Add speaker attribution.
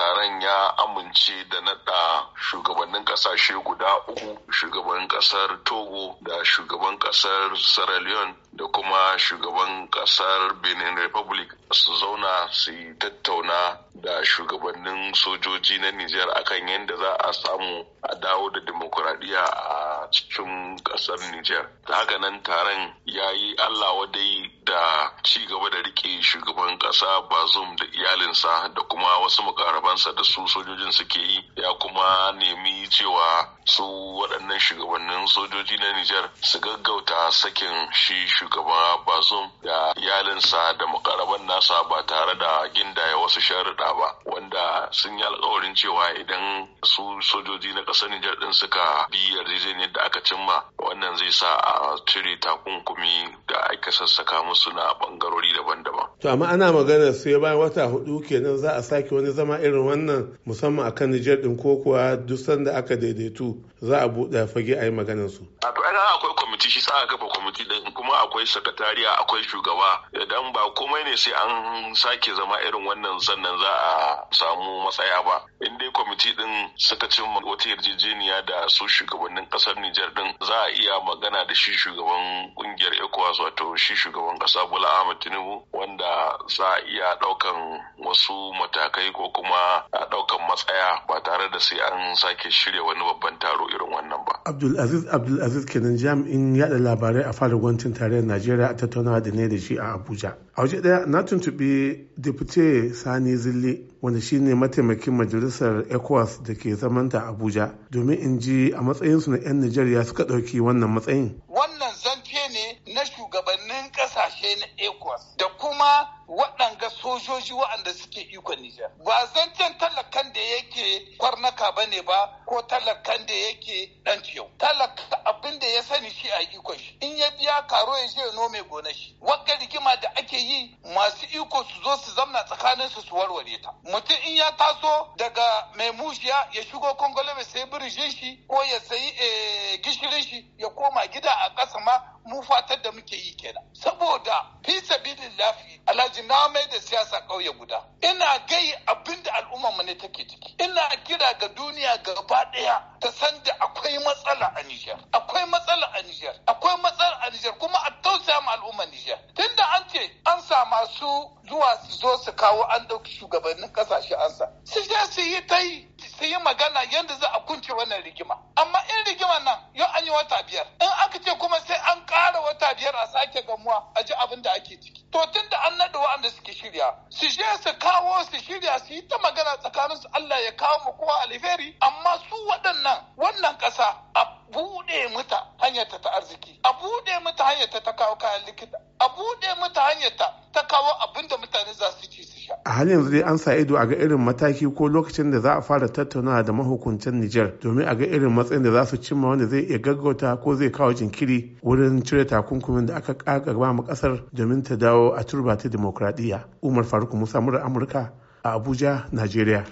Speaker 1: taron ya amince da naɗa shugabannin ƙasashe guda uku shugaban ƙasar togo da shugaban ƙasar sierra leone da kuma shugaban ƙasar benin republic su zauna su yi tattauna da shugabannin sojoji na nijar akan yadda za a samu a dawo da demokuraɗiyya a a cikin ƙasar Nijar. Haka nan taron ya yi Allah wadai da ci gaba da rike shugaban ƙasa Bazum da iyalinsa da kuma wasu mukarabansa da su sojojin suke yi ya kuma nemi cewa su waɗannan shugabannin sojoji na Nijar su gaggauta sakin shi shugaba Bazum da iyalinsa da mukaraban nasa ba tare da gindaya wasu sharuɗa ba. wanda sun yi alkawarin cewa idan su sojoji na ƙasar Nijar ɗin suka bi yarjejeniyar da aka cimma wannan zai sa a cire takunkumi da aka sassaka musu na ɓangarori
Speaker 2: daban-daban. To amma ana magana sai bayan wata hudu kenan za a sake wani zama irin wannan musamman akan Nijar ɗin ko kuwa duk sanda aka daidaitu za a buɗe fage a yi maganar su. A to akwai kwamiti shi sa kafa kwamiti din kuma akwai sakatariya akwai shugaba
Speaker 1: idan ba komai ne sai an sake zama irin wannan sannan za a samu matsaya ba in dai kwamiti din suka cimma wata yarjejeniya da su shugabannin kasar Nijar din za a iya magana da shi shugaban kungiyar ECOWAS wato shi shugaban kasa Bola Ahmed Tinubu wanda za a iya daukan wasu matakai ko kuma a daukan matsaya ba tare da sai an sake shirya wani babban taro irin wannan ba.
Speaker 2: Abdul Aziz Abdul Aziz kenan jami'in yada labarai a fara gwamnatin tarayyar najeriya a tattaunawa da ne da shi a abuja a waje daya na tuntuɓi Deputy sani zilli wanda shine mataimakin majalisar ecowas da ke zamanta abuja domin in ji a matsayinsu na 'yan najeriya suka ɗauki wannan matsayin wannan zance ne na shugabannin ƙasashe na ecowas da
Speaker 3: kuma waɗanga sojoji waɗanda suke ikon Nijar. Ba zancen talakan da yake kwarnaka ba ne ba ko talakan da yake ɗan yau. Talaka abin da ya sani shi a ikon shi in ya biya karo ya je nome gona shi wakka rigima da ake yi masu iko su zo su zamna tsakanin su su warware ta mutum in ya taso daga mai mushiya ya shigo kongole mai sai birijin shi ko ya sayi eh, gishirin shi ya koma gida a kasa ma mu fatar da muke yi kenan saboda fi lafiya. alhaji na mai da siyasa ƙauye guda ina gai abinda da al'ummar mu ne take ciki ina kira ga duniya gaba ɗaya ta san da akwai matsala a Nijar akwai matsala a Nijar akwai matsala a Nijar kuma a tausaya ma al'ummar Nijar tunda an ce an sa masu zuwa su zo su kawo an ɗauki shugabannin kasashe an sa su je su yi ta yi su yi magana yadda za a kunce wannan rigima amma in rigima nan yau an yi wata biyar in aka ce kuma sai an ƙara wata biyar a sake gamuwa a ji abin da ake ciki to tun da an naɗa waɗanda suke shirya su je su kawo su shirya su yi ta magana tsakanin su Allah ya kawo mu kowa alheri amma su waɗannan wannan ƙasa a buɗe mata hanyarta ta arziki a buɗe mata hanyar ta kawo kayan likita a buɗe mata hanyar ta kawo abin da
Speaker 2: mutane za su ci su a halin yanzu dai an sa ido a ga irin mataki ko lokacin da za a fara tattaunawa da mahukuntan Nijar domin a ga irin matsayin da za su cimma wanda zai iya gaggauta ko zai kawo jinkiri wurin cire takunkumin da aka ba ma ƙasar domin ta dawo a turba ta Umar Faruk Musa Amurka a Abuja, Najeriya.